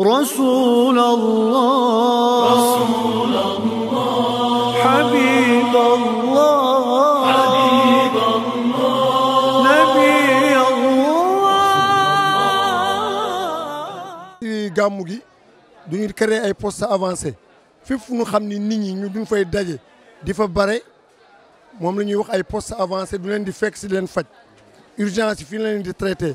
رسول الله رسول الله حبيب الله حبيب الله نبي الله gàmmu gi du ñu créer ay postes avancés fépp fu ñu xam ni nit ñi ñu duñ fay daje di fa bare moom la ñuy wax ay postes avancés du leen di fekk si leen faj urgence yi fi ñu leen di traité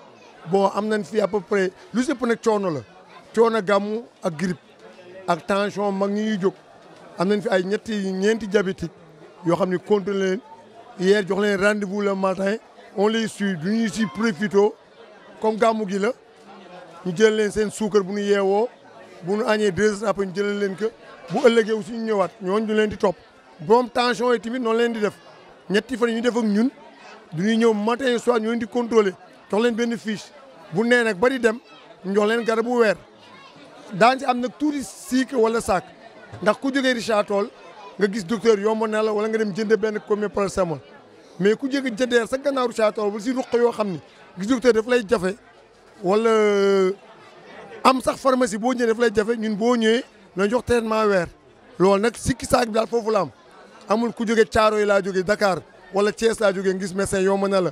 bon am fi à peu près lu sëpp nag coono la choona gamu ak grippe ak tension mag ñi ñuy jóg am fi ay ñetti ñenti diabétique yo xamni ne contrôlé leen hier jox leen rendez-vous le matin on les suit du ñuy si profito comme gamu gi la ñu jël leen sen sucre bu ñu yéwo bu ñu agné deux heures après ñu jël leen que bu ëllëgee aussi ñu ñëwaat ñooñu du leen di top bom tension yi tamit non leen di def ñetti fa ñu def ak ñun du ñuy ñëw matin soir ñu leen di contrôler jox leen benn fiche bu nee nag ba dem ñu jox leen garabu weer daan ci am nag tuuti siik wala saak ndax ku jógee Richard Toll nga gis docteur yomb na la wala nga dem jënd benn comme paracétamol mais ku jóge jëndeer sa gannaaw Richard Toll si ruq yoo xam ni gis docteur daf lay jafe wala euh, am sax pharmacie boo ñëwee daf lay jafe ñun boo ñëwee na jox traitement weer loolu nag sikki saak bi daal foofu la am amul ku jóge Caaroy laa jóge Dakar wala Thiès laa jógee ngis médecin yomb na la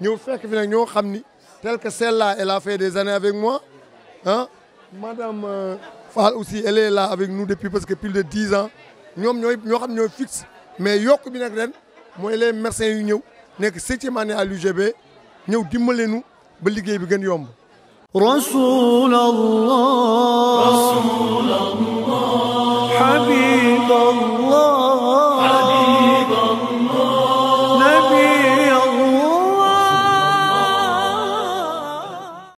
nous faisons que nous sommes tel que celle-là, elle a fait des années avec moi. Hein. Madame euh, aussi, elle est là avec nous depuis parce plus de 10 ans. Nous sommes nous fixes. Mais nous sommes fixes. Nous sommes fixes. Nous sommes fixes. Nous sommes année à l'UGB. Nous sommes fixes. Nous sommes fixes. Nous sommes fixes. رسول الله رسول الله حبيب